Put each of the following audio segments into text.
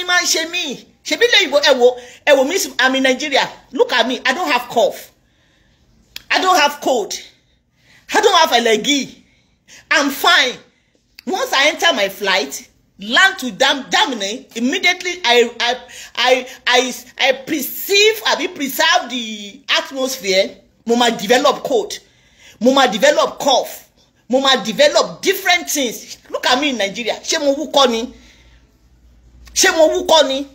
yín máa ń ṣe mí ṣebí lẹ́yìnbó ẹ wo ẹ wo i'm in Nigeria look at me i don't have cough i don't have cold i don't have allergy i'm fine once i enter my flight land to Dam Germany immediately I I I I I perceive abi preserve the atmosphere mo ma develop cold mo ma develop cough mo ma develop different things look at me in Nigeria ṣé mo wúkọ́ ni ṣé mo wúkọ́ ni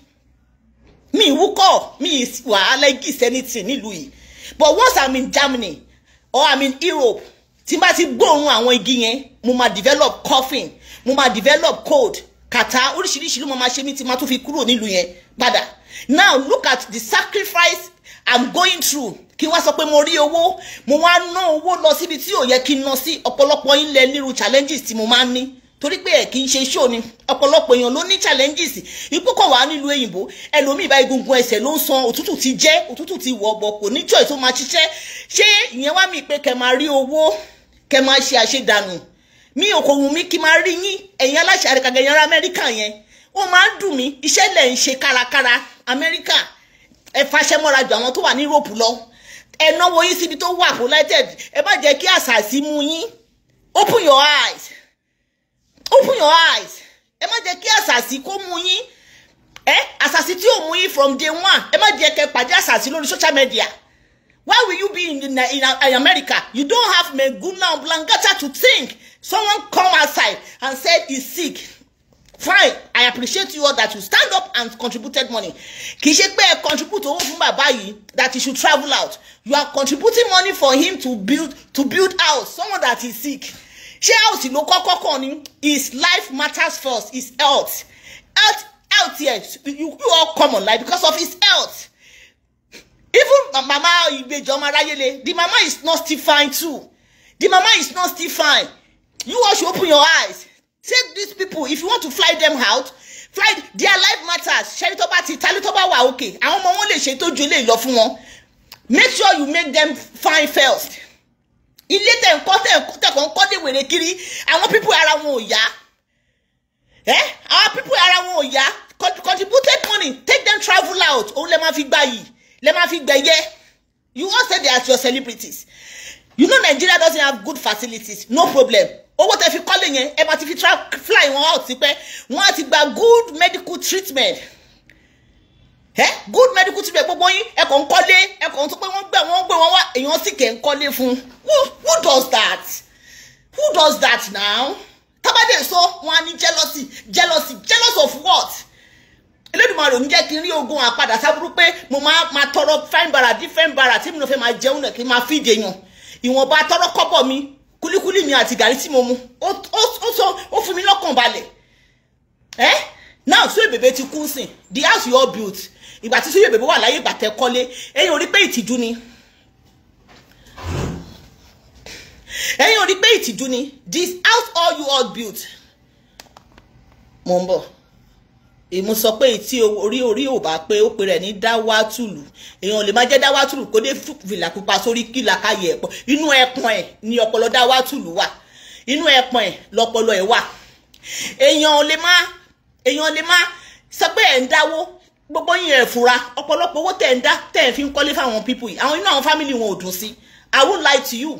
mi wúkọ́ mi wà allergic anything nílùú yìí but once i'm in Germany or i'm in Europe tí n bá ti gbóòórùn àwọn igi yẹn mo máa develop coughing mo máa develop cold kàtá oríṣiríṣi ló máa ṣe mí tí máa tún fi kúrò nílùú yẹn padà now look at the sacrifice i'm going through kí wá sọ pé mo rí owó mo wá ná owó lọ síbi tí ò yẹ kí n ná sí ọ̀pọ̀lọpọ̀ ilẹ̀ nírú challenges tí mo máa ń ní torí pé ẹ̀ kì í ṣe show ni ọ̀pọ̀lọpọ̀ èèyàn ló ní challenges ikú kọ̀ wá nílùú èyìnbó ẹlòmíì bá egungun ẹsẹ̀ ló ń san òtútù ti jẹ́ òtútù ti wọ̀ bọ̀ kò ní choice ó máa ṣiṣẹ́ ṣé ìyẹn wá mi pé kẹ máa rí owó kẹ máa ṣe àṣedànù mi ò kò wù mí kí máa rí yín ẹ̀yin aláṣẹ àrẹ̀kàgẹ̀ yẹn ará amẹ́ríkà yẹn ó máa ń dùn mí iṣẹ́ lẹ̀ ń ṣe kárakára amẹ́ríkà ẹ fàṣẹmọ́ra ju àwọn tó wà ní europe lọ ẹ náwó yín síbi tó wà united ẹ má jẹ́ kí àṣà mú yín open your eyes open your eyes ẹ má jẹ́ kí àṣàṣì kó mú yín ẹ àṣàṣì tí ò mú yín from day one ẹ má jẹ́ kẹ́ pàdé àṣàṣì lórí social media why will you be in, in, in, in America you don't have meguna and blangata to think someone come outside and said he's sick fine i appreciate you all that you stand up and contributed money kì í ṣe pé ẹ contribute owó fún bàbá yìí that he should travel out you are contributing money for him to build to build house someone that is sick ṣé health ló kọ́kọ́ kàn ní his life matters first his health health health yes you, all come on because of his health even mama ìgbèjọ ọmọ aráyélé the mama is not still fine too the mama is not still fine you all should open your eyes take these people if you want to fly them out fly their life matters ṣẹ́ni tó bá ti ta ló tó bá wà òkè àwọn ọmọ wọn lè ṣètò ju eléyìí lọ fún wọn make sure you make them fine first ilé tẹ̀ ń kọ́ tẹ̀kọ́ ń kọ́ dé wèrè kiri àwọn pípù ara wọn ò yá ẹ àwọn pípù ara wọn ò yá contributed money take them travel out òun lè máa fi gbà yìí lè máa fi gbẹ̀yẹ you all say they are your celebrities you know Nigeria doesn't have good facilities no problem owó tẹ́ fi kọ́lé yẹn ẹ bá ti fi fly wọn out tipẹ́ wọ́n á ti gba good medical treatment ẹ good medical treatment gbogbo yín ẹ kàn ń kọ́lé ẹ kàn ń sọ pé wọ́n gbà wọ́n gbé wọn wá èèyàn sì kẹ́ ń kọ́lé fún who who does that who does that now tábàdé sọ wọn á ní jealousy jealousy jealous of what Elédùmarè ń jẹ́ kí n rí ogun àpadà sábúrú pé mo máa ma tọrọ fine bara different bara tí mi lọ fẹ́ máa jẹun náà kí n máa fi dèèyàn ìwọ̀nba tọrọ kọ́bọ̀ mi kúlíkúlí mi àti gàrí tí mo mu ó sọ ó fún mi lọ́kàn balẹ̀ ẹ́ now so èbèbè ti kú sìn the house you all built ìgbà tí Suyi Òbèbè wà láyé ìgbà tẹ́ kọ́lé ẹ̀yin ò rí pé ìtìjú ni ẹ̀yin ò pé ìtìjú ni this house all you all built mo ń bọ̀ èmo sọ pé tí orí orí ò bá pé ó pe rẹ̀ ní dáwátùlù èèyàn lè má jẹ́ dáwátùlù kó dé fìlà pupa sórí kílà káyẹ̀ ẹ̀pọ̀ inú ẹ̀pọ̀n ẹ̀ ni ọpọlọ dáwátùlù wà inú ẹ̀pọ̀n ẹ̀ lọpọlọ ẹ̀ wà èèyàn lè má èèyàn lè má sọ pé ẹ̀ ń dáwó gbogbo yín ẹ̀ fura ọ̀pọ̀lọpọ̀ owó tẹ̀ ń dá tẹ̀ ń fi ń kọ́lé fáwọn pípù yìí àwọn inú àwọn fámìlì wọn ò dùn sí i won't lie to you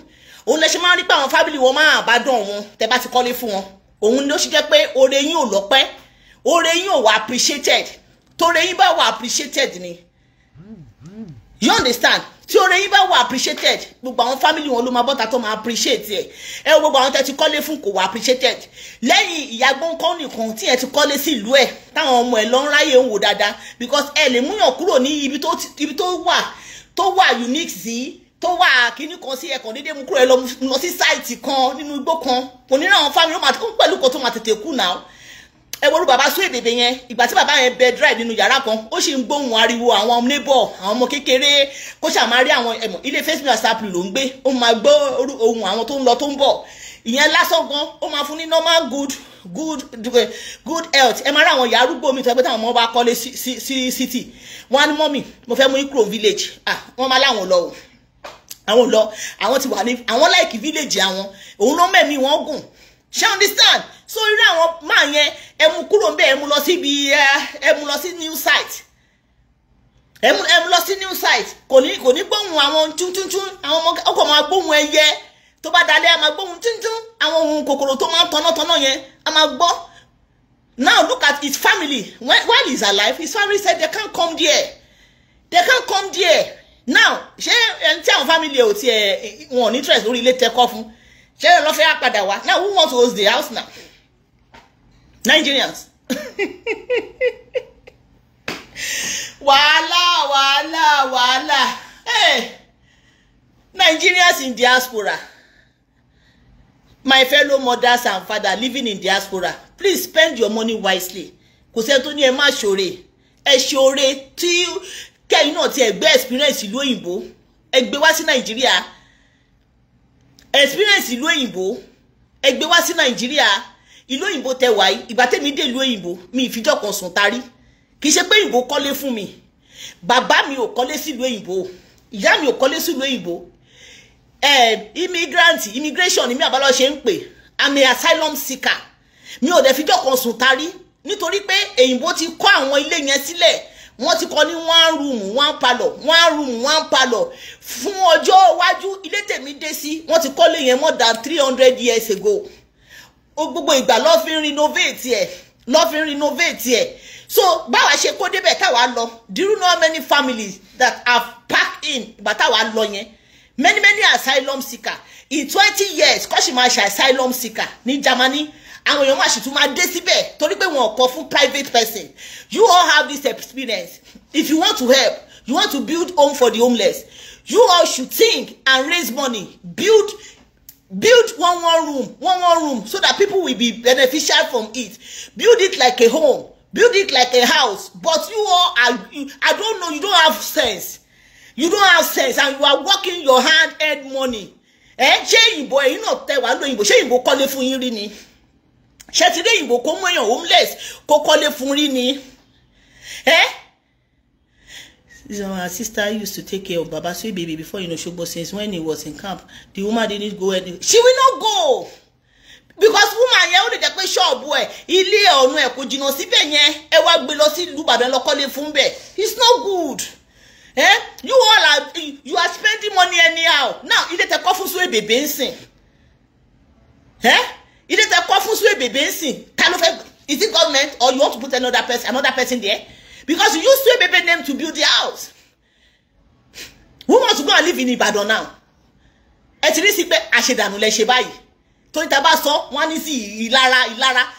òun lẹ ṣe máa ń rí pé àwọn fámìlì wọn máa bá dùn wọn tẹ bá ti kọ́lé fún wọn òun ló ṣe jẹ́ pé oore yín ò lọ́pẹ́ oore yín ò wà appreciated toore yín bá wà appreciated ni you understand tí oore yín bá wà appreciated gbogbo àwọn family wọn ló máa bọ́ta tó máa appreciate ẹ̀ ẹ wo gbogbo àwọn tẹ́ ti kọ́lé fún kò wà appreciated lẹ́yìn ìyá gbọ́nkọ́ nìkan tí ẹ ti kọ́lé sí ìlú ẹ̀ táwọn ọmọ ẹ̀ lọ ń ráyè ń wò dáadáa because ẹ lè múyàn kúrò ní ibi tó wà tó wà unique sí tó wà kíní kan sí ẹ̀kọ́ dédé mú kúrò ẹ lọ sí sáìtì kan nínú igbó kan kò ní ra àwọn family ó máa tó pẹ̀lú kan tó máa tètè kú náà ẹ wo orú bàbá sún èdèdè yẹn ìgbà tí bàbá yẹn bed right nínú yàrá kan ó sì ń gbóhùn ariwo àwọn neighbor àwọn ọmọ kékeré kó ṣáà rí àwọn ẹmọ ilé facebook asapli ló ń gbé ó máa gbọ́ ohùn àwọn tó ń lọ tó ń bọ̀ ìyẹn lásán gan ó máa fún ní normal good good good health ẹ máa rí àwọn ìyá mi tó ẹgbẹ́ táwọn ọmọ bá kọ́lé sí city wọn á mo fẹ́ mú ikro village ah wọ́n máa láwọn lọ o àwọn lọ àwọn ti wà ní àwọn láìkì village àwọn òun ló mẹ́mí wọn gùn ṣé understand so irú àwọn máa yẹn ẹ mú kúrò ń bẹ̀ ẹ mú lọ síbi ẹ mú lọ sí new site ẹ mú ẹ mú lọ sí new site kò ní kò ní gbóhùn àwọn túntúntún àwọn ọmọ ọkọ̀ máa gbóhùn ẹyẹ tó bá dalẹ̀ a máa gbóhùn túntún àwọn ohun kòkòrò tó máa ń tọ́nátọ́ná yẹn a máa gbọ́ now look at his family when, while he's alive his family said they can't come there they can't come there now ṣé ẹni tí àwọn family ò tiẹ̀ wọn ò ní interest lórí ilé tẹ́kọ́ fún ṣé ẹ lọ́ àpàdà wá now who wants to host the house now. Nigerians. wàhálà wàhálà wàhálà hey, Nigerians in diaspora my fellow mothers and fathers living in diaspora please spend your money wisely kò sẹ́ni tó ní ẹ má ṣoore ẹ ṣoore tí kẹ́yìn ti ẹgbẹ́ experience ìlú òyìnbó ẹ gbé wá sí experience ìlú òyìnbó ẹ gbé wá sí Nàìjíríà. Ilo òyìnbó tẹ wà yìí ìgbà tẹ́mi de Ilo òyìnbó mi ìfijọ́ kan sùn tarí kì í ṣe pé ìbò kọ́lé fún mi bàbá mi ò kọ́lé sílùú òyìnbó ìyá mi si Ilo sílùú eh immigrant immigration ni mi àbálọ́ ṣe ń pè àmì asylum seeker mi o de fijọ́ kan sùn tarí nítorí pé èyìnbó ti kọ́ àwọn ilé yẹn sílẹ̀ wọ́n ti kọ́ ní one room one palo one room one palọ̀ fún ọjọ́ waju ilé tèmi de si wọ́n ti kọ́lé yẹn more than three hundred years ago ó gbogbo ìgbà lọ́ fi ń renovate ẹ̀ lọ́ fi ń renovate ẹ̀ so báwa ṣe kó débẹ̀ táwa lọ do you know how many families that have packed in ìgbà táwa lọ yẹn many many asylum seeker in twenty years kọ́sì máa ṣe asylum seeker ní Germany àwọn èèyàn máa ṣì tún máa dé síbẹ̀ torí pé wọn ò kọ́ fún private person you all have this experience if you want to help you want to build home for the homeless you all should think and raise money build build one one room one one room so that people will be beneficial from it build it like a home build it like a house but you all are i don't know you don't have sense you don't have sense and you are working your hand earn money ẹ eh, ṣé ìbò ẹ̀yin náà tẹ wàá lóyìnbó ṣé ìbò kọ́lé fún yín rí ni ṣé ti dé ìbò kó mú èèyàn homeless kó kọ́lé fún rí ni ẹ. Eh? my sister used to take care of Baba Sui baby before you know Shobo since when he was in camp. The woman didn't go anywhere. She will not go. Because woman yẹn only lè jẹ́ pé ṣọ́ọ̀bù ẹ̀ ilé ọ̀run ẹ̀ kò jìnnà síbẹ̀ yẹn ẹ wá gbé lọ sí ìlú bàbá lọ́kọ́lé It's not good. Eh? You all are you are spending money anyhow. Now ilé tẹ a fún Sui bèbè ń sìn. Eh? Ilé tẹ kọ́ fún Sui bèbè ń sìn. is it government or you want to put another person another person there? because you use baby name to build the house who wants to go and live in Ibadan now ẹ ti rí sí pé àṣedànù lẹ ṣe báyìí tó ní ta bá sọ wọn á ní sí ìlara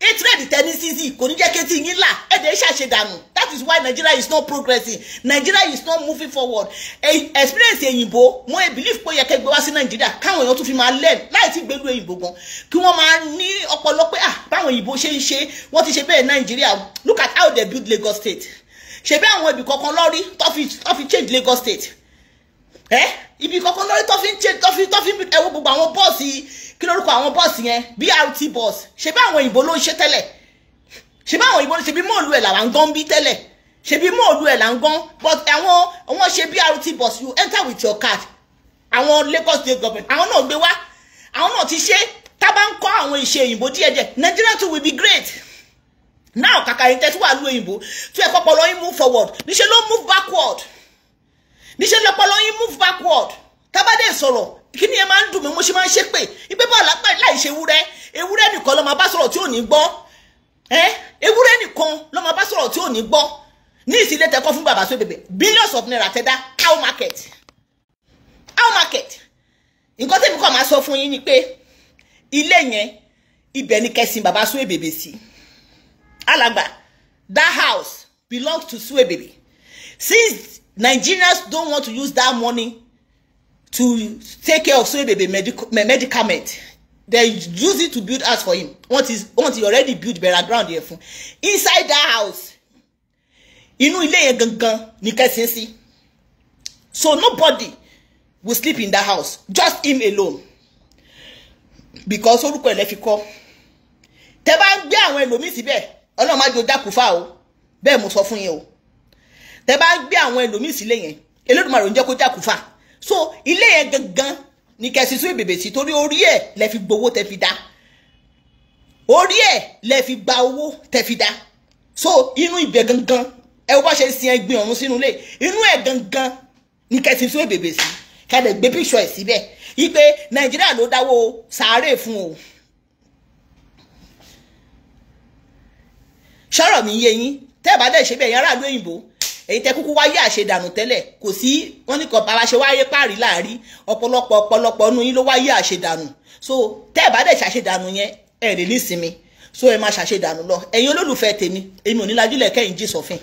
hatred tennessee kò ní jẹ́ kí etí yín là ẹ̀dẹ̀ ṣàṣedànù that is why nigeria is not progressing nigeria is not moving forward e, experience èyìnbó mo e believe pé ó yẹ kẹ́ gbé wá sí nigeria káwọn èèyàn tún fi máa learn láì tí gbèlú èyìnbó gan kí wọ́n máa ní ọ̀pọ̀lọpọ̀ ah báwọn èyìnbó ṣe ń ṣe wọ́n ti ṣe bẹ́ẹ̀ nigeria look at how they build lagos state ṣebí àwọn ibì kankan lórí tó fi change lagos state eh ibì kankan lórí tó fi change tó fi tó fi ẹ̀wọ̀ gbogbo àwọn bọ́ọ̀sì kí lórúkọ àwọn bọ́ọ̀sì yẹn BRT bus ṣe bí àwọn òyìnbó ló ń ṣe tẹ́lẹ̀ ṣe bí àwọn òyìnbó ṣe bí mọ́ọ̀lù ẹ̀ làwọn gan ń bí tẹ́lẹ̀ ṣe bí mọ́ọ̀lù ẹ̀ làwọn gan but àwọn wọ́n ṣe BRT bus you enter with your card àwọn Lagos state government àwọn náà gbé wá àwọn náà ti ṣe tábà ń kọ́ àwọn ìṣe òyìnbó díẹ̀díẹ̀ Nigeria too will be great now kàkà yìí tẹ́tí wà lú òyìnbó tí ẹ̀kọ́ pọ̀ lọ́yìn move forward níṣẹ́ ló move backward níṣẹ́ lọ́pọ̀ lọ́yìn move backward tábàdé sọ̀rọ̀ kí ni ẹ máa ń dùn mí mo ṣe máa ń ṣe pé ibẹ̀ bá lápá láì ṣe ewúrẹ́ ewúrẹ́ nìkan ló máa bá sọ̀rọ̀ tí ò ní gbọ́ ẹ ewúrẹ́ nìkan ló máa bá sọ̀rọ̀ tí ò ní gbọ́ ní ìsílẹ tẹkọ fún bàbá sóbèbè billions of naira tẹdá cow market cow market nǹkan tẹ́mi kọ́ máa sọ fún yín ni pé ilé yẹn ibẹ̀ ni kẹsìn bàbá Suebebe sí alàgbà that house belongs to Suebebe since Nigerians don't want to use that money to take care of baby medical medicament they use it to build house for him once he's once he already built burial ground here fún inside that house inú ilé yẹn gangan ni kẹsìn sí so nobody will sleep in that house just him alone because orúkọ ẹlẹ́fi kọ́ tẹ́ bá ń gbé àwọn ẹlòmíì síbẹ̀ ọlọ́run má jò dákúfà o bẹ́ẹ̀ mo sọ fún yín o tẹ́ bá ń gbé àwọn ẹlòmíì sílé yẹn Elédùmarè ń jẹ́ kó dákúfà so ilé yẹn gangan ni kẹsì sí bèbè sí torí orí ẹ̀ lẹ fi gbowó tẹ fi dá orí ẹ̀ lẹ fi gba owó tẹ fi dá so inú ibẹ̀ gangan ẹ wọ́n bá ṣe sin ẹgbin ọ̀run sínú ilé inú ẹ̀ gangan ni kẹsì sí bèbè sí kẹlẹ̀ gbé píṣọ̀ ẹ̀ síbẹ̀ ipe nàìjíríà ló dáwó sàárè fún o. sọ̀rọ̀ mi yé yín tẹ́ ẹ̀ bá dẹ̀ ṣe bẹ́ẹ̀ yẹn aráàlú òyìnbó ẹ̀yin tẹ kúkú wáyé àṣedànù tẹ́lẹ̀ kò sí wọ́n ní kan bàbá ṣe wáyé páàrí láàrí ọ̀pọ̀lọpọ̀ ọ̀pọ̀lọpọ̀ ọ̀nù yín ló wáyé àṣedànù so tẹ́ ẹ̀ bá dẹ̀ ṣàṣedànù yẹn ẹ̀ lè nísinmi so ẹ máa ṣàṣedànù lọ ẹ̀yin olólùfẹ́ tèmi èmi ò ní lajúlẹ̀ kẹ́yìn jì sọ́fìn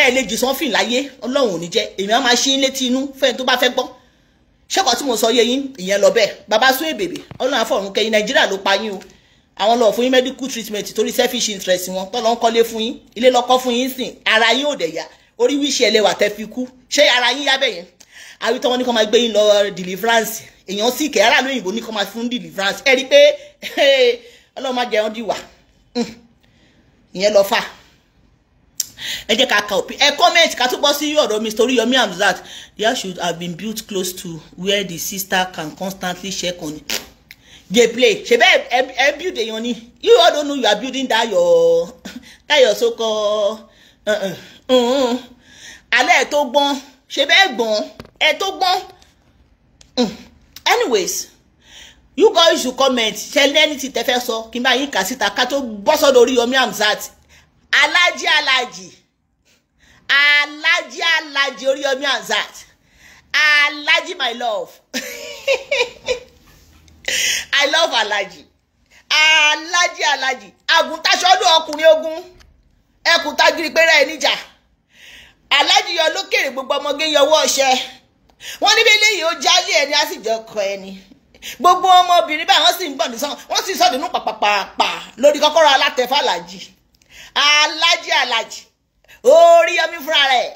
ẹ lè jì sọ́fìn láyé ọlọ́run ò ní jẹ́ èmi á máa ṣí létí inú fẹ́ni tó bá fẹ́ gbọ́ ṣẹ́kọ̀ọ́ tí mo sọ yẹ yín ìyẹn lọ bẹ́ẹ̀ bàbá sún èbèbè ọlọ́run àfọ̀run kẹ́yìn nàìjíríà ló pa yín o àwọn lọ fún yín medical treatment torí selfish interest wọn tọ́lọ́ ń kọ́lé fún yín ilé lọ́kọ́ fún yín sìn ara yín ò dẹ̀ yá orí wíṣì ẹlẹ́wà tẹ́ fi kú ṣé ara yín yá bẹ́yẹn àwítọ́ wọn ní kó máa gbé yín lọ deliverance èèyàn sì kẹ́ aráàlú òyìnbó ní kó máa fún deliverance ẹ i pé ọlọ́run má jẹun dìwà hmm. ìyẹn lọ fà ẹ jẹ́ ká ka òpin ẹ comment ká tó bọ́ sí ọ̀rọ̀ Mr. Oriyomi Hamzat there should have been built close to where the sister can constantly check on it dey play Shebe, ẹ build èèyàn ni you all don't know you are building that your that your so called Uh, uh-uh, uh, uh-uh. alẹ́ ẹ̀ tó gbọ́n ṣebẹ ẹ gbọ́n ẹ tó gbọ́n mm. anyways you guys should comment ṣẹlẹ̀ anything tẹ́ fẹ́ sọ kí n bá yín kà síta ká tó bọ́ sọ́dọ̀ Oríyọmí Hamzat alájí alájí alájí alájí Oríyọmí Hamzat alájí my love. àwọn alájì alájì alájì àgùntàṣọlù ọkùnrin ogun ẹkùn tágìrì péré ẹ níjà alájì yọ lókèrè gbogbo ọmọge yọwọ́ ọṣẹ wọn níbi eléyìí ó jálé ẹni á sì jọ kọ ẹni gbogbo ọmọbìnrin báyìí wọ́n sì ń gbọ̀ndì sàn wọ́n sì sọ̀dùnú pàpàpàpà lórí kọ́kọ́rọ́ alátẹ̀fà alájì alájì alájì orí yọmí fúnra rẹ̀.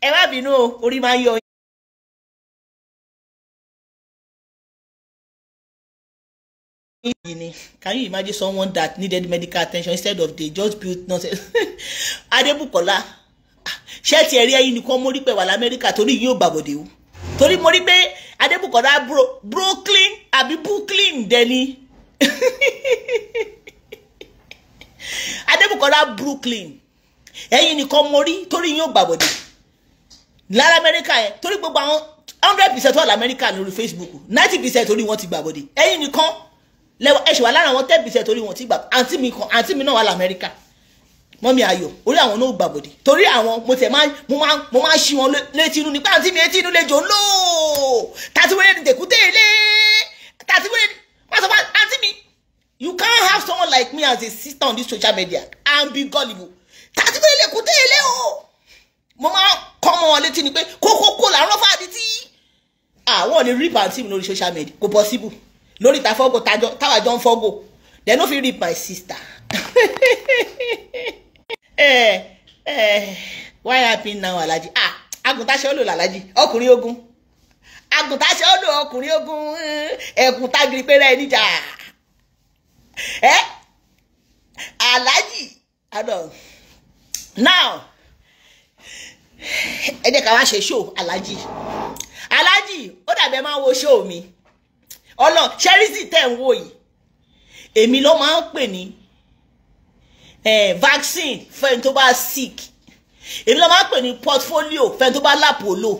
ẹ má bínú o orí máa ń yọ Can you imagine someone that needed medical attention instead of they just built nonsense? Adébùkọ́lá ṣé ti ẹ̀rí ẹyin nìkan mo rí pé wà lamẹ́ríkà torí yóò gbàbọ̀dé o torí mo rí pé Adébùkọ́lá Brooklyn àbí Brooklyn dẹni Adébùkọ́lá Brooklyn ẹyin nìkan mo rí torí yóò gbàbọ̀dé lára amẹ́ríkà yẹn torí gbogbo àwọn hundred percent wà lamẹ́ríkà lórí facebook ninety percent orí wọn ti gbàbọ̀dé ẹ̀yin nìkan lẹ́wọ̀ ẹ̀ṣẹ̀ wà lára àwọn ten percent orí wọn ti gbà àǹtí mi kan àǹtí mi náà wà lamẹ́ríkà mọ́mí ayọ̀ orí àwọn náà gbàbọ̀dé torí àwọn mo tẹ̀ máa mo máa mo máa ṣí wọn létí inú nípa àǹtí mi létí inú lè jò tàti wẹ́rẹ́ ni tẹ̀kú tẹ̀lé tàti wẹ́rẹ́ ni wọ́n sọ fún àǹtí mi you can't have someone like me as a sister on this social media and be gullible tàti wẹ́rẹ́ lè tẹ̀lé o mo máa kọ́ mọ́ wọn létí ni pé kókó kó làárọ̀ fàdí tí àwọn lè rip àǹtí mi lórí social media kò possible lórí ìta fọ́gò táwa jọ ń fọ́gò they no fit rip my sister eh, eh, why happy now Alhaji ah agùntàṣe ó lò làlájì ọkùnrin ogun agùntàṣe ó lò ọkùnrin ogun ẹkùn tágiri pé rẹ níjà ẹ eh, Alhaji adọ now ẹ jẹ́ ká wá ṣe ṣó alájì alájì ó dàbẹ́ máa wo ṣó mi ọlọ ṣẹ́rísì tẹ̀ ń wò yìí èmi ló máa ń pè ní vaccine fẹ́ni tó bá sick èmi ló máa ń pè ní portfolio fẹ́ni tó bá lápòlò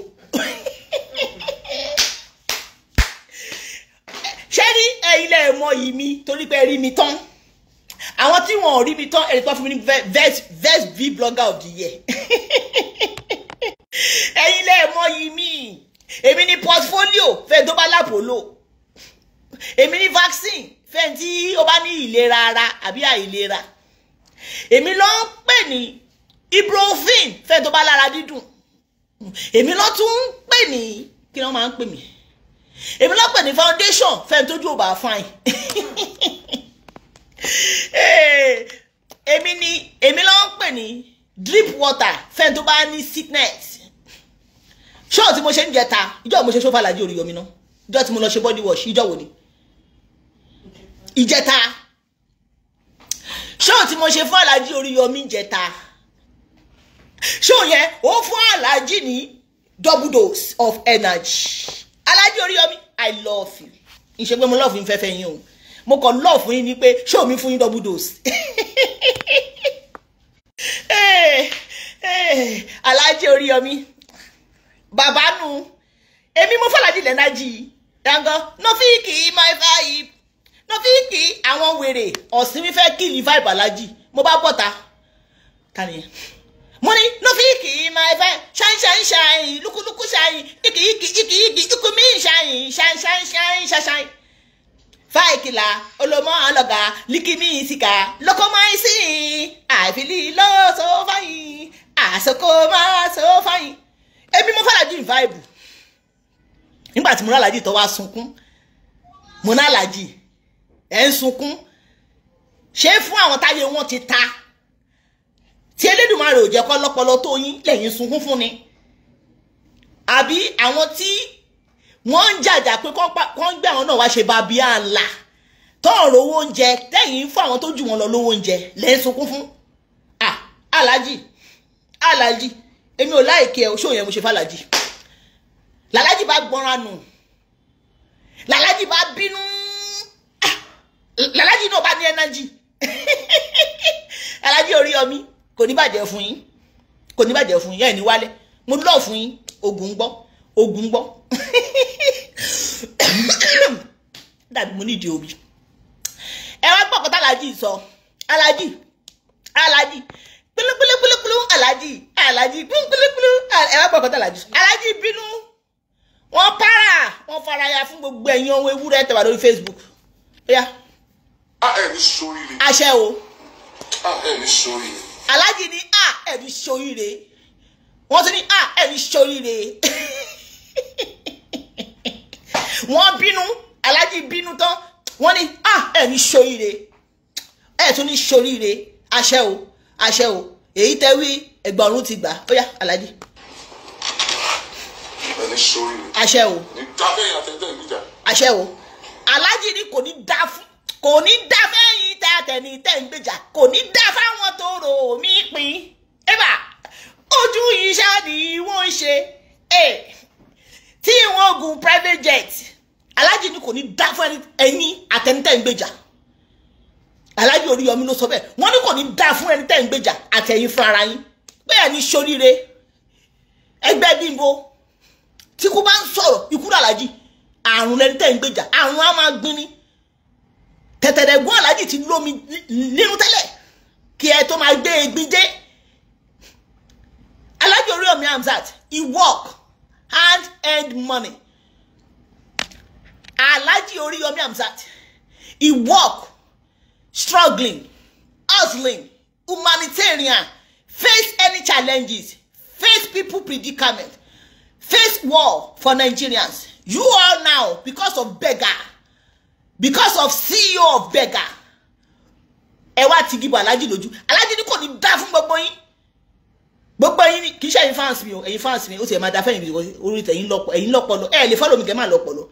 ṣé ní ẹ̀yin lẹ́ mọ̀ yìí mi torí pé rí mi tán àwọn tí wọn ò rí mi tán ẹni tó fún mi ní best best v blogger of the year ẹ̀yin lẹ́ẹ̀mọ́ yìí mí èmi ni portfolio fẹ́ẹ́ tó bá lápòlò èmi ni vaccine fẹ́ẹ́ tí ó bá ní ìlera ara àbí àìlera èmi ló ń pè ní ibuprofen fẹ́ẹ́ tó bá lára dídùn èmi ló tún ń pè ní kí wọ́n máa ń pè mí èmi ló pè ní foundation fẹ́ẹ́ tójú ò bá fine eh, èmi ni èmi ló ń pè ní drip water fẹ́ẹ́ tó bá ní sickness ṣọ́ọ̀ tí mo ṣe ń jẹ ta ìjọ́ mo ṣe ṣófà lájú orí yomi náà ìjọ́ tí mo lọ ṣe body wash ìjọ́ wo ni ìjẹta ṣọ́ọ̀ tí mo ṣe fún alájí orí yomi ìjẹta ṣọ́ọ̀ yẹn ó fún alájí ní double dose of energy alájí orí yomi i love you ìṣe pé mo love yín fẹ́fẹ́ yín o mo kàn love yín ni pé ṣọ́ọ̀ mi fún yín double dose alájí orí yomi bàbá nu èmi mo fàlàjì lẹ́nà jì í dangan no fi kì í my no fi kì í àwọn wèrè ọ̀sìn mi fẹ́ kìlì vibe alájì mo bá bọ̀ta tani mo ní no fi kì í my shine shine shine lukuluku shine iki iki iki iki ikumi shine shine shine shine shine shine fáìkìlà olómọ alọgà líkìmí ìsìkà lọkọmọẹsìn àìfìlì lọ sọ fáyìn àsokò máa sọ fáyìn ebi mo fàlàjì vibe nígbà tí mo rálàjì tó wá sunkún mo nálàjì ẹ̀ ń sunkún ṣé fún àwọn táyé wọn ti ta tí Elédùmarè ò jẹ́ kó lọ́pọlọ tó yín lẹ́yìn sunkún fún ni àbí àwọn tí wọ́n ń jàjà pé kọ́ń gbé àwọn náà wá ṣe bàbí àǹlà tọ́ọ̀rọ̀ owó oúnjẹ tẹ́yìn fún àwọn tó jù wọ́n lọ lówó oúnjẹ lẹ́yìn sunkún fún aláàjì aláàjì èmi ò láìkí ẹ o ṣóò yẹn mo ṣe fàlàjì làlájì bá gbọ́nra nù làlájì bá bínú ah! làlájì náà bá ní ẹnájì làlájì orí ọmí kò ní bàjẹ́ fún yín kò ní bàjẹ́ fún yín ẹ̀ ní wálé mo lọ fún yín ogun ń gbọ́ ogun ń gbọ́ dàbí mo nídìí omi ẹ wá gbọ́ kọ́tà alájì sọ alájì alájì pélépélépélépélé alájí pínpínlẹ́pínlẹ́ ẹ wá gbọ́kọ̀tà alájí alájí bínú wọ́n para wọ́n faraya fún gbogbo ẹ̀yin ohun ewúrẹ́ tẹ̀wá lórí Facebook bóyá. a ẹ̀ ní sóríire. àṣẹ o. a ẹ̀ ní sóríire. alájí ní a ẹ̀ ní sóríire wọ́n ti ní a ẹ̀ ní sóríire wọ́n bínú alájí bínú tán wọ́n ní a ẹ̀ ní sóríire tún ní sóríire àṣẹ o àṣẹ o èyí tẹ́ wí ẹ̀gbọ́n ọ̀run ti gbà ó yá alájí. ẹni sori ni. àṣẹ o. ní dábẹ́ yẹn àtẹ̀tẹ̀ mi àṣẹ o alájí ni kò ní dá fún kò ní dá fẹ́yìn tẹ́ àtẹ̀ní tẹ́ ń gbèjà kò ní dá fáwọn tó rò mí pin ẹ̀bà ojú iṣẹ́ ni wọ́n ń ṣe tí wọ́n gun private jet alájí ni kò ní dá fún ẹni àtẹ̀ní tẹ́ ń gbèjà alájì oríyọmí ló sọ bẹ́ẹ̀ wọ́n ní kò ní dáa fún ẹni tẹ́ ń gbèjà àtẹ̀yìn fún ara yín bẹ́ẹ̀ ni ṣoríire ẹgbẹ́ bímbo tí kú bá ń sọ̀rọ̀ ikú làlájì àrùn lẹni tẹ́ ń gbèjà àrùn á máa gbin ni tẹ̀tẹ̀dẹ̀gún alájì ti lómi nínú tẹ́lẹ̀ kí ẹ tó máa gbé egbin dé alájì oríyọmí Hamzat he work hand earned money alájì oríyọmí Hamzat he work struggling, hustling, humanitarian, face any challenges, face people predicament, face war for Nigerians. You all now, because of beggar, because of CEO of beggar, ẹ ti gíbo alájí lójú alájí ní kò ní dá fún gbogbo yín gbogbo yín kì í ṣe fans mi o ẹ̀yin fans mi o sì ẹ máa da fẹyìn mi orí tẹyin lọ́pọ̀ ẹ̀yin lọ́pọlọ ẹ lè fọlọ mi kẹ máa lọ́pọlọ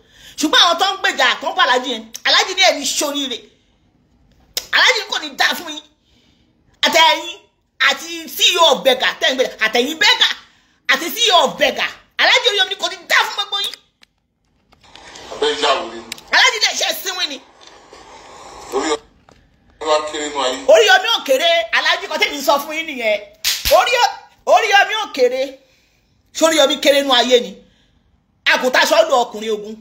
ṣùgbọ́n àwọn tó ń gbèjà àkànpọ alájí yẹn alájí ní ẹni ṣoríire aláàjì kò ní dáa fún yín àtẹ̀yìn àti CEO of Berger àtẹ̀yìn Berger àtẹ̀yìn Berger àti CEO of Berger aláàjì Oríyọ̀mí kò ní dáa fún gbogbo yín. abẹ́ ìyá wò ni. aláàjì dẹ̀ ṣe sínwìn ni. Oríyọ̀mí ò kéré aláàjì kan tẹ̀mí sọ fún yín nìyẹn Oríyọ̀mí ò kéré sóríyọmí kéré nú ayé ni àkùtà sọ́dọ̀ ọkùnrin ogun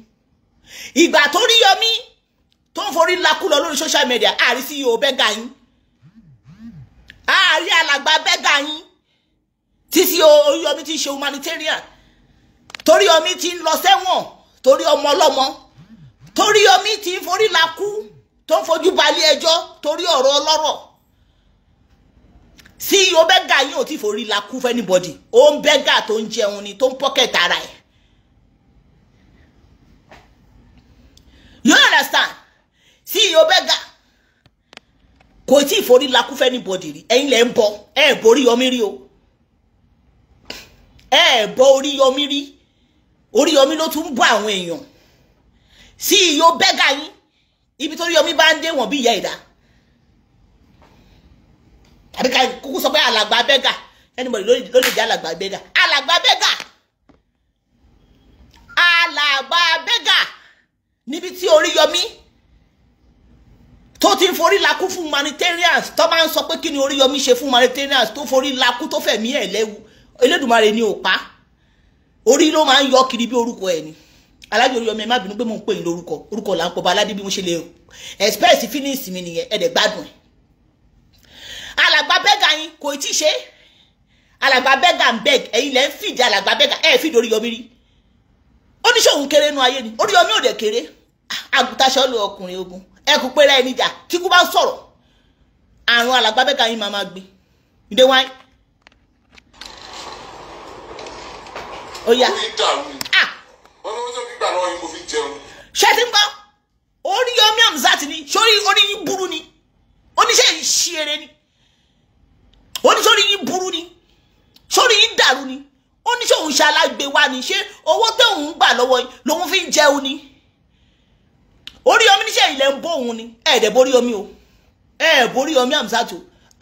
ìgbà tó ríyọmí tó ń forí lakú lọ lórí social media àárí sí yóò bẹ́gà yín àárí alàgbà bẹ́gà yín tí sí e Oríyọmí ti ṣe humanitarian Toríyọmí ti ń lọ sẹ́wọ̀n torí ọmọ ọlọ́mọ Toríyọmí ti ń forí lakú tó ń fojú balẹ̀ ẹjọ́ torí ọ̀rọ̀ ọlọ́rọ̀ ceo bẹ́gà yín ò tí forí la kú fún anybody ó ń bẹ́gà tó ń jẹun ni tó ń pocket ara ẹ̀ you understand CEO Berger kò tí ì forí lakú fẹ́ ní bọ́dì rí ẹ̀yin lẹ́ ń bọ ẹ̀ borí yọmí rí o ẹ̀ bọ orí yọmí rí orí yọmí ló tún ń bọ àwọn èèyàn CEO Berger yín ibi tó rí yọmí bá ń dé wọ̀n bí ìyá ìdá àbí ká kúkú sọ pé alàgbà Berger anybody ló lè jẹ́ alàgbà Berger alàgbà Berger alàgbà Berger níbi tí orí yọmí tó ti ń forí lakú fún humanitarians tó máa ń sọ pé kí ni Oríyọmí ṣe fún humanitarians tó forí lakú tó fẹ̀mí ẹ̀ lẹ́wu Elédùmarè ni ò pa orí ló máa ń yọ kiri bí orúkọ ẹ̀ ni alájọ Oríyọmí ẹ má bínú pé mò ń pè yín lórúkọ orúkọ là ń pọ̀ bá aládé bí mo ṣe lè express feelings mi nìyẹn ẹ̀dẹ̀ gbádùn ẹ̀ alàgbà bẹ́gà yín kò tí ì ṣe alàgbà bẹ́gà ń bẹ́g ẹ̀yin lẹ́ ń fìdí alàgbà bẹ́gà ẹ̀ fìdí Oríyọmí rí oníṣòwò kéré nu ayé ni Oríyọmí ò dẹ̀ kéré ah, àgùntàṣọ́ lo ọkùnrin ogun ẹ kò pera ẹni jà tí kú bá sọ̀rọ̀ àrùn alàgbàbẹ́ka yín máa máa gbé ìdè wáyé. ó yá ṣé ti ń gbọ́ orí yomi amzat ni sórí orí yín burú ni oníṣẹ́ yìí ṣeré ni oníṣòrí yín burú ni sórí yín dàrú ni oníṣòwò ṣe alágbèwá ni ṣé owó tóun gbà lọ́wọ́ yìí lòun fi ń jẹun ni. Oríyọmí níṣẹ́ ilẹ̀ ń bó òun ni ẹ̀ẹ́dẹ̀ borí omi o ẹ̀ẹ́ borí omi àmúsàtò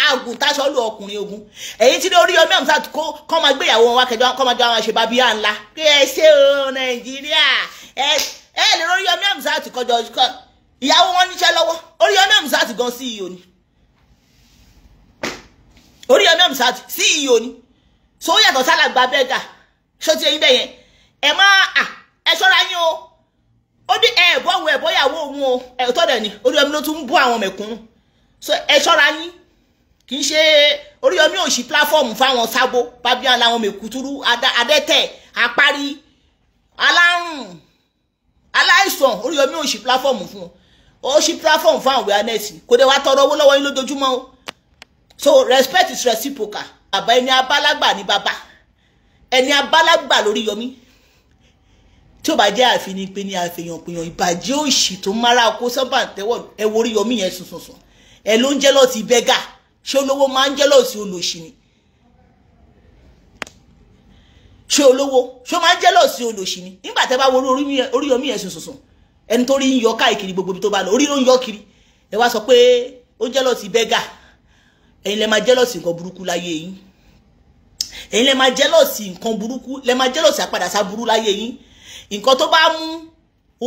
àgùntàṣọ́lù ọkùnrin ogun èyí tí Oríyọmí àmúsàtò kó kọ́ máa gbéyàwó wọn kẹjọ kọ́ máa jọ àwọn àṣebá bíi àńlá ẹ ṣe o Nàìjíríà ẹ ẹ lè Oríyọmí àmúsàtò kọjọ ìyàwó wọn níṣẹ́ lọ́wọ́ Oríyọmí àmúsàtò gan CEO ni Oríyọmí àmúsàtò CEO ni so ó yàtọ̀ sálà gba bẹ́gà ṣó ti eyín bẹ́yẹn ẹ má ẹ ṣọ́ra yín o ó ní ẹ̀bọ́ àwọn ẹ̀bọ́ ìyàwó òun o ẹ̀tọ́ dẹ̀ ni Oríyọmí ló tún ń bú àwọn mẹ̀kúnnù so ẹ ṣọ́ra yín kì í ṣe Oríyọmí ò ṣí pláfọ́ọ̀mù fáwọn sábó babian làwọn mẹ̀kútúrú adẹ́tẹ̀ apárí alárùn aláìsàn Oríyọmí ò ṣí pláfọ́ọ̀mù fún ọ ó ṣí pláfọ́ọ̀mù fún àwọn awareness kò dé wá tọrọ owó lọ́wọ́ yín lójoojúmọ́ o so respect is reciprocal bàbá ẹni abálágbà ni bàbá ẹni abálágbà lórí Yọmí tí ó bá jẹ́ àfinipé ní àfihànpìyàn ìbàjẹ́ òṣì tó mára kó sábà tẹ́wọ̀ ẹ wo Oríyọmí yẹn sùn sùn sùn ẹ ló ń jẹ́lọ́ọ̀tì bẹ́gà ṣé olówó máa ń jẹ́lọ́ọ̀tì olòṣì ni ṣé olówó ṣé máa ń jẹ́lọ́ọ̀tì olòṣì ni nígbà tẹ́ bá wo Oríyọmí yẹn sùn sùn sùn ẹni tó rí ń yọ káàkiri gbogbo ibi tó bá lọ orí ló ń yọ kiri ẹ wá sọ pé ó jẹ́lọ́ọ̀tì bẹ́gà ẹ̀yin lẹ máa jẹ́lọ́ọ̀tì nǹkan burúkú láyé yín ẹ̀yin lẹ máa jẹ́lọ́ọ̀tì nǹkan burúkú lẹ máa jẹ́lọ́ọ̀tì àpadà sáburú láyé yín nǹkan tó bá mú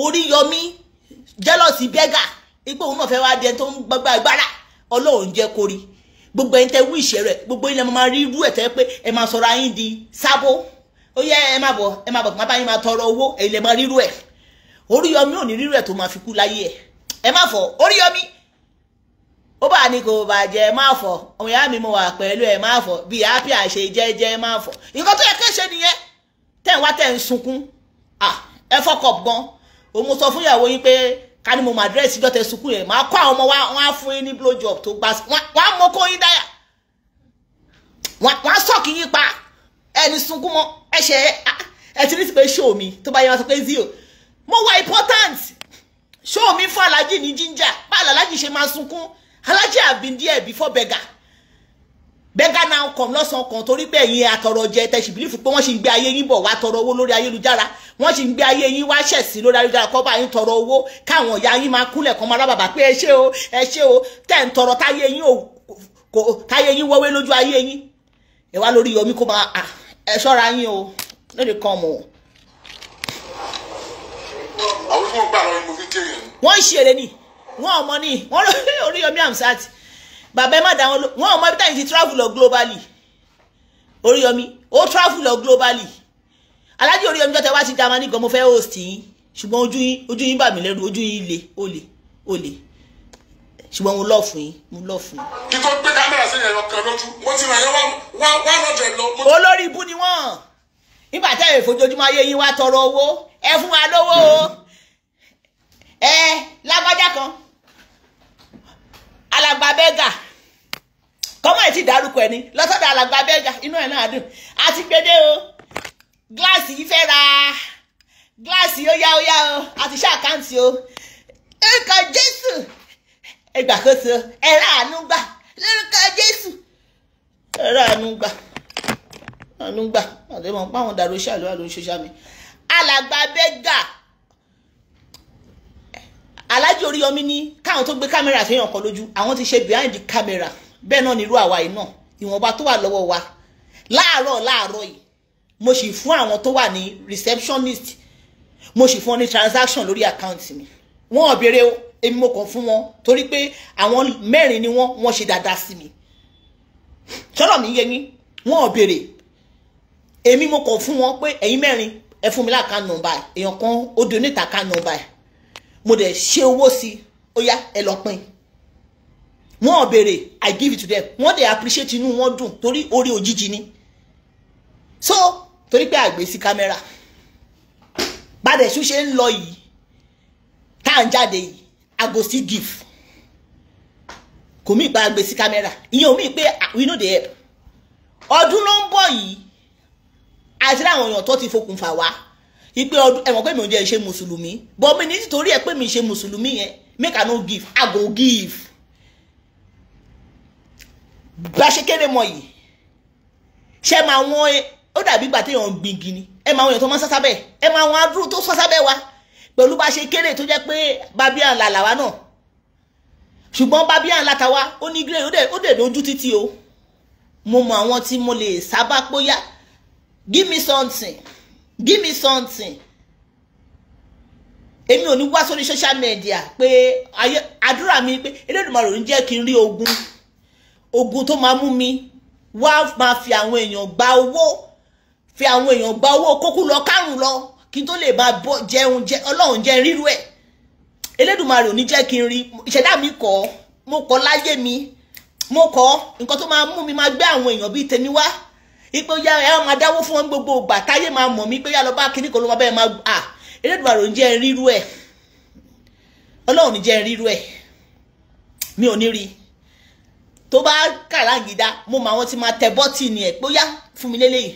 orí yọmí jẹ́lọ́sì bẹ́gà ipò òun náà fẹ́ wá dé tó ń gbàgbà agbára ọlọ́run jẹ́ kórì gbogbo ẹni tẹ́ wíṣì rẹ̀ gbogbo ilẹ̀ máa rí irú ẹ̀ tẹ́ pé ẹ máa sọ̀rọ̀ ayín di sábó ó yẹ ẹ má bọ̀ ẹ má bọ̀ bàbá yín máa tọrọ owó èyí lẹ̀ máa rírú ẹ̀ orí yọmí ò ní rírú ẹ̀ tó máa fi kú láyé ẹ̀ ẹ má fọ̀ orí yọmí ó bá ní kò bàjẹ́ má fọ̀ ọmọ ìyá mi mo wà pẹ̀lú ẹ̀ má fọ̀ bí àápì àṣẹ jẹ́jẹ́ má fọ̀ nǹkan tó yẹ kéṣe nìyẹn tẹ̀ ń wá tẹ̀ ń sunkún Ah, ẹ fọkọ̀ gan òun mo sọ fún ìyàwó yín pé ká ní mo mọ àdírẹ́sì jọ́tẹ̀ sukùn yẹn máa kọ́ àwọn ọmọ wa wọ́n á fún yín ní blow job tó gbà wọ́n á mọ́kó yín dáyà wọ́n á sọ̀kì yín pa ẹni sunkún mọ́ ẹ ṣe ah, ẹ ti ní sí pé show mi tó bá yẹ wọ́n sọ pé zero mo wà important show mi fún alájì ní ginger bá alájì ṣe máa sunkún alájì àbí díẹ̀ before beggar bẹ́gà náà kàn lọ́sàn-án kan torí pé ẹ̀yin àtọ̀rọ̀ jẹ tẹ̀sí bílífù pé wọ́n sì ń gbé ayé yín bọ̀ wá tọrọ owó lórí ayélujára wọ́n sì ń gbé ayé yín wá ṣẹ̀sí lórí ayélujára kọ́ bá yín tọrọ owó káwọn ìyá yín máa kúnlẹ̀ kan máa rábàbà pé ẹ ṣé o ẹ ṣé o tẹ̀ ń tọrọ táyé yín ò kò táyé yín wọ́wé lójú ayé yín ẹ wá lórí yomi kó máa à ẹ ṣọ́ra yín o lóde kan mọ̀. àwọn tí gbà lọ ni fi dé yẹn. wọ́n ń ṣe bàbá ẹ má dá wọn lò wọn ò mọ ibi táyì ti travel lọ globally Oríyọmí ó travel lọ globally Alhaji Oríyọmí jọtẹ wá sí Germany gan mo fẹ́ host yín ṣùgbọ́n ojú yín ojú yín bà mí lẹ́rù ojú yín le ó le ó le ṣùgbọ́n mo lọ fún yín mo lọ fún yín. kí tó gbé kámẹ́rà sí ẹ̀rọ kan lójú mo ti ràn yẹn wá wá lọ́dọ̀ ẹ̀ lọ. olórí ibú ni wọ́n nígbà tẹ́ ẹ̀ fojoojúmọ́ ayé yín wá tọrọ owó ẹ fún wa lówó o ẹ lágbájá kan alàgbà bẹ́gà kọ́mọ̀ ẹ̀ ti dárúkọ ẹ̀ ni lọ́sọ̀dọ̀ alàgbà bẹ́ẹ̀gà inú ẹ̀ náà dùn àti gbédé o gíláàsì yìí fẹ́ ra gíláàsì ó yá o àti ṣàkáǹtì o lórúkọ jésù ẹgbàkóso ẹ̀rọ àánú gbà lórúkọ jésù ẹ̀rọ àánú gbà àánú gbà àdéhùn páwọn dàrú ṣàlù àlùn ṣoṣà mi alàgbà bẹ́ẹ̀gà alájì orí yọmí ní káwọn tó gbé kámẹ́rà fi hàn kan lójú àwọn ti ṣe behind the camera bẹ́ẹ̀ náà nírú àwa yìí náà ìwọ̀nba tó wà lọ́wọ́ wa láàárọ̀ láàárọ̀ yìí mo sì fún àwọn tó wà ní receptionist mo sì fún ọ ní transaction lórí àkáǹtì mi wọn ò béèrè o èmi mo kàn fún wọn torí pé àwọn mẹ́rin ni wọ́n wọ́n ṣe dáadáa sí mi sọ́dọ̀ mi yẹ yín wọn ò béèrè èmi mo kàn fún wọn pé ẹ̀yin mẹ́rin ẹ fún mi láàká nọ́mbà èèyàn kan ó donate àká nọ́mbà mo dẹ̀ ṣe owó sí ó yá ẹ lọ pín wọn ò i give it to them wọn dey appreciate inú wọn dùn torí orí òjijì ni so torí pé àgbè sí kámẹ́rà bàdẹ̀ ṣú ṣe ń lọ yìí tá à ń jáde yìí ago still give kò mí ìpa àgbè sí kámẹ́rà ìyẹn ò mí pé ah, we no dey help ọdún ló ń bọ̀ yìí àṣírí àwọn èèyàn tó ti fokùnfà wá ipe ọdún ẹ̀wọ̀n pé mi ò jẹ́ ìṣe mùsùlùmí but mi ní nítorí ẹ̀ pé mi ṣe mùsùlùmí yẹn make i no give i go give gbàṣekéré mọ yìí ṣe máa wọn ó dàbí ìgbà téèyàn ń gbingi ni ẹ máa wọn èèyàn tó máa ń sásábẹ ẹ máa wọn adúrú tó sásábẹ wa pẹ̀lú bá ṣe kéré tó jẹ́ pé babian làlàwa náà ṣùgbọ́n babian látàwa ó ní grey ó dẹ̀ lójú títí o mo mọ àwọn tí mo lè sábà póyá give me something give me something èmi ò ní wá sórí social media pé àdúrà mi pé Elédùmarè jẹ́ kí n rí ogun. ogun tó máa mú mi wá máa fi àwọn èèyàn gba owó fi àwọn èèyàn gba owó kókú lọ kárùn lọ kí n tó lè máa bọ jẹun jẹ ọlọrun jẹ elédùnmarè kí n rí mi mo kọ́ láyé mi mo kọ́ nǹkan tó máa mú mi máa gbé àwọn èèyàn bíi tèmi wá ipe ya ẹ máa dáwó fún gbogbo ìgbà táyé máa mọ̀ mí pé yá bá kan ló máa máa elédùnmarè ọlọrun ní mi ò ní rí tó bá kàlàǹgídá mo mọ àwọn tí máa tẹ bọ́tìnì ẹ̀ pé ó yá fún mi lélẹ́yìí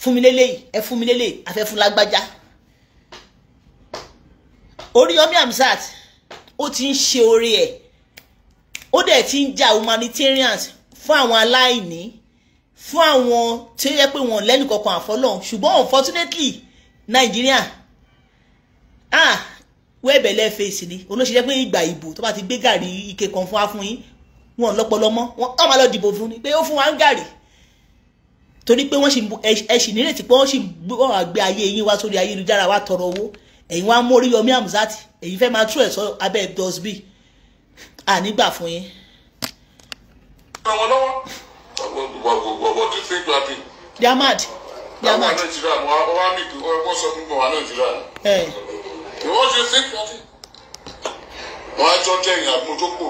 fún mi lélẹ́yìí ẹ fún mi lélẹ́yìí afẹ́fún lágbájá Oríyọmí Hamzat ó ti ń ṣe oore ẹ̀ ó dẹ̀ ti ń ja humanitarians fún àwọn aláìní fún àwọn tí ó yẹ pé wọn lẹ́nu kankan àfọlọ́hún ṣùgbọ́n unfortunately Nàìjíríà ah wẹ́ẹ̀bẹ̀ lẹ́ẹ̀fẹ̀sì ni olóṣèlú pé ìgbà ìbò tó bá ti gbé gàrí ike kan fún wa fún yín wọn lọ́pọlọ mọ́ wọn á máa lọ dìbò fún ni pé ó fún wa ń gàrí torí pé wọ́n sì ẹ sì nírètí pé wọ́n sì gbọ́ àgbẹ̀ ayé yín wá sórí ayélujára wá tọrọ owó ẹ̀yin wá mórí yọmí àmúzátì ẹ̀yin fẹ́ máa tú ẹ̀ sọ abẹ́ dọ́sbì ànígbà fún yín. yamad yamad. wọ́n ṣe fake party. wọ́n á jọ jẹ́ ìyàgbọ́n tó kù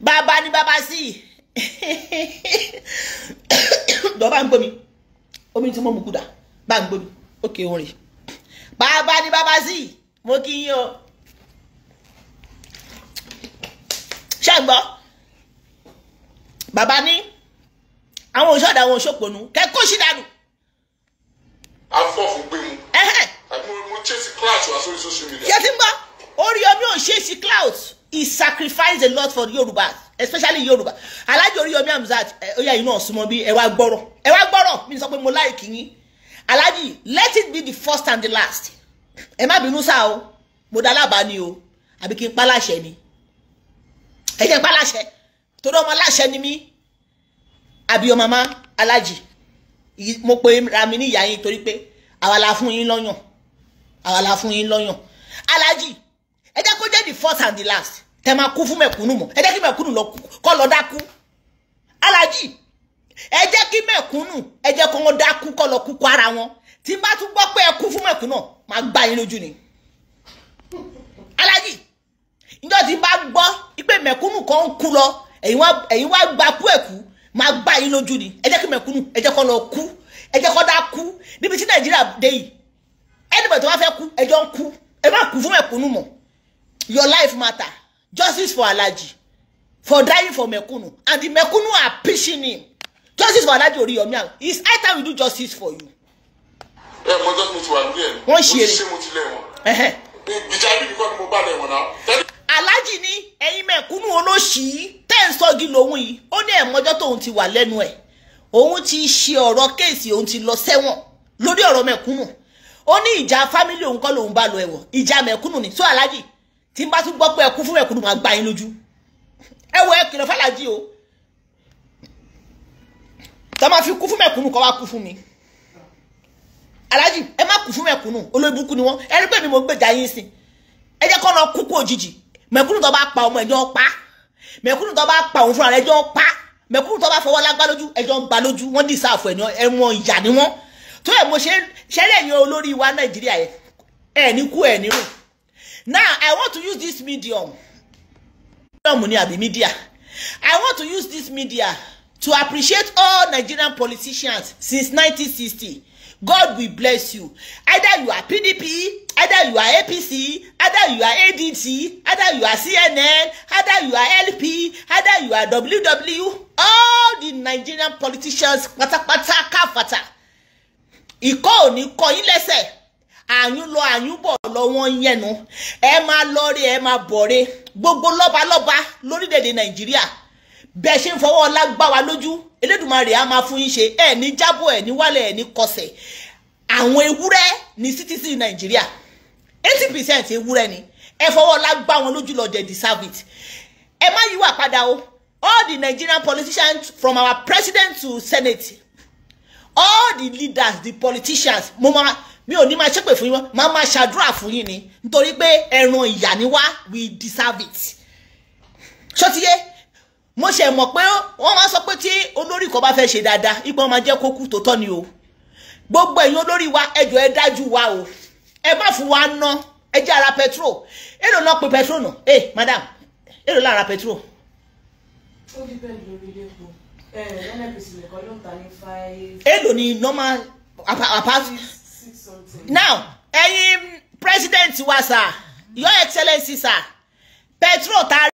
bàbá ni bàbá sí dọ̀ bá ń gbómi omi tí mo mú kúdà bá ń gbómi òkè orin bàbá ni bàbá sí mo kí yín o ṣàgbọ́ bàbá ní àwọn òṣòdà àwọn òṣòpọ̀nù kẹ́kọ̀ọ́ sí dànù. afọ́fù gbé mu àbí mo chase clout wá sórí social media. yẹ ti ń gbọ́ orí omi ò ṣe é sí clout he sacrificed a lot for Yorùbá especially Yorùbá Alhaji Oriyomi Hamzat oya eh, inú ọ̀sùnmọ́ bí ẹ wá gbọ́rọ̀ ẹ mi sọ pé mo láìkì yín Alhaji let it be the first and the last ẹ má bínú sá o mo dá lábàá ni o àbí kí n pa láṣẹ ni ẹ jẹ́ pa láṣẹ torí ọmọ láṣẹ ni mí àbí ọmọ má Alhaji mo pe ra mi ní ìyá yín torí pé àwa la fún yín lọ́yàn àwa la fún yín lọ́yàn Alhaji ẹ jẹ́ kó jẹ́ the first and the last tẹ máa kú fún mẹ̀kúnnù mọ́ ẹ jẹ́ kí mẹ̀kúnnù lọ kọ́ lọ dákú alájì ẹ jẹ́ kí mẹ̀kúnnù ẹ jẹ́ kó wọn dákú kọ́ lọ kú kọ́ ara wọn tí n bá tún gbọ́ pé ẹ kú fún mẹ̀kúnnù náà máa gbá yín lójú ni alájì ìjọ tí n bá gbọ́ pé mẹ̀kúnnù kan ń kú lọ ẹ̀yin wá gba kú ẹ̀kú máa gbá yín lójú ni ẹ jẹ́ kí mẹ̀kúnnù ẹ jẹ́ kó lọ kú ẹ jẹ́ kó dákú níbi tí nàìjíríà dé yìí ẹnìbẹ̀ tó wá fẹ́ kú ẹ jọ ń kú ẹ má kú fún mẹ̀kúnnù mọ́ your life matter justice for Alhaji for dying for Mekunu and the Mekunu are pushing him justice for Alhaji Oriyomi and his high time we do justice for you. ẹ mọ jọ́sí mo ti wà nílé ẹ̀ wọ́n ṣe é ṣe mo ti lé wọn. ìjà bíbí kọ́ ni mo bá lẹ̀ wọ̀n náà. Alhaji ní ẹ̀yin Mekunu olóṣìí tẹ́ ń sọ́gi lòun yìí ó ní ẹ̀mọ́jọ́ tóun ti wà lẹ́nu ẹ̀ òun ti ṣe ọ̀rọ̀ kéèsì òun ti lọ sẹ́wọ̀n lórí ọ̀rọ̀ Mekunu ó ní ìjà fámílì òun kọ́ lòun bá lọ ẹ̀wọ̀n ìjà Mekunu ni so Alhaji tí n bá tún gbọ́ pé ẹ kú fún ẹ̀kúrú máa gbá yín lójú ẹ wo fàlàjì o tá máa fi kú fún mẹ̀kúnnù kọ́ wá kú fún mi aláàjì ẹ má kú fún mẹ̀kúnnù olórí burúkú ni wọ́n ẹ rí pé mi mo gbèjà yín sí ẹ jẹ́ kọ́ lọ kú kú òjijì mẹ̀kúnnù tó bá pa ọmọ ẹ̀jọ́ pa mẹ̀kúnnù tó bá pa òun fúnra rẹ̀ ẹjọ́ pa mẹ̀kúnnù tó bá fọwọ́ lágbá lójú ẹjọ́ ń ba lójú wọ́n dì sáàfù ẹ̀yàn ẹ̀wọ̀n ìyà ni wọ́n tó ẹ̀ now i want to use this medium medium ni the media i want to use this media to appreciate all nigerian politicians since 1960 god will bless you either you are pdp either you are apc either you are adt either you are cnn either you are lp either you are ww all the nigerian politicians pátápátá káfàtà ìkọ́ ò ní kọ́ yín àyún lọ àyún bọ̀ lọ wọ́n yẹnu ẹ máa lọ́ọ́rẹ́ ẹ máa bọ̀ọ́rẹ́ gbogbo lọ́balọ́ba lórílẹ̀‐èdè nàìjíríà bẹ́ẹ̀ ṣe ń fọwọ́ ọlá gbá wa lójú elédùnmarè á máa fún yín ṣe ẹ̀ ní jábọ̀ ẹ̀ ní wálẹ̀ ẹ̀ ní kọsẹ̀ àwọn ewúrẹ́ ní citizen nàìjíríà eighty percent ewúrẹ́ ni ẹ fọwọ́ ọlá gbá wọn lójú lọ dẹ̀ deserve it ẹ má yíwà padà o all the nigerian politicians from our president to senate all the leaders the politicians mo máa. mi ò ní máa ṣépè fún yín wọn máa máa ṣàdúrà fún yín ni nítorí pé ẹran ìyà ni wá we deserve it ti yé mo ṣe mọ̀ pé wọ́n máa sọ pé tí olórí kan bá fẹ́ ṣe dáadáa ipò wọn máa jẹ́ kókú tó tọ́ ni o gbogbo ẹ̀yin olórí wa ẹjọ́ ẹ dájú wa o ẹ má fún wa ná ẹ jẹ́ ara petrol èlò náà pe petrol nà ẹ eh, madam èlò lára petrol. ó di bẹ́ẹ̀ lórí ilé epo ẹ̀ ẹ̀ nnpc nìkan ló ń ta ní five. èlò ni normal apart. now ẹ̀yin president wa sir your excellency sir Petro ta.